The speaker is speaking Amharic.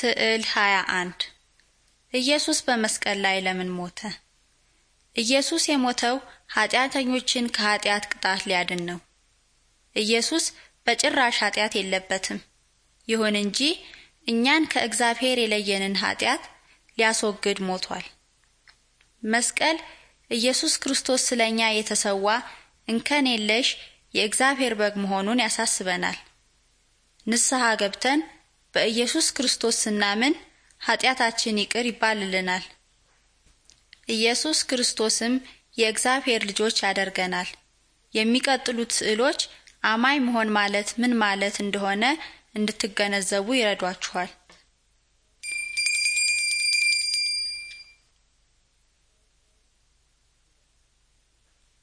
ስዕል 21 ኢየሱስ በመስቀል ላይ ለምን ሞተ? ኢየሱስ የሞተው ኃጢአተኞችን ከኃጢአት ቅጣት ሊያድን ነው። ኢየሱስ በጭራሽ ኃጢአት የለበትም። ይሁን እንጂ እኛን ከእግዚአብሔር የለየንን ኃጢአት ሊያስወግድ ሞቷል። መስቀል ኢየሱስ ክርስቶስ ስለኛ የተሰዋ እንከን የለሽ የእግዚአብሔር በግ መሆኑን ያሳስበናል። ንስሐ ገብተን በኢየሱስ ክርስቶስ ስናምን ኃጢአታችን ይቅር ይባልልናል። ኢየሱስ ክርስቶስም የእግዚአብሔር ልጆች ያደርገናል። የሚቀጥሉት ስዕሎች አማኝ መሆን ማለት ምን ማለት እንደሆነ እንድትገነዘቡ ይረዷችኋል።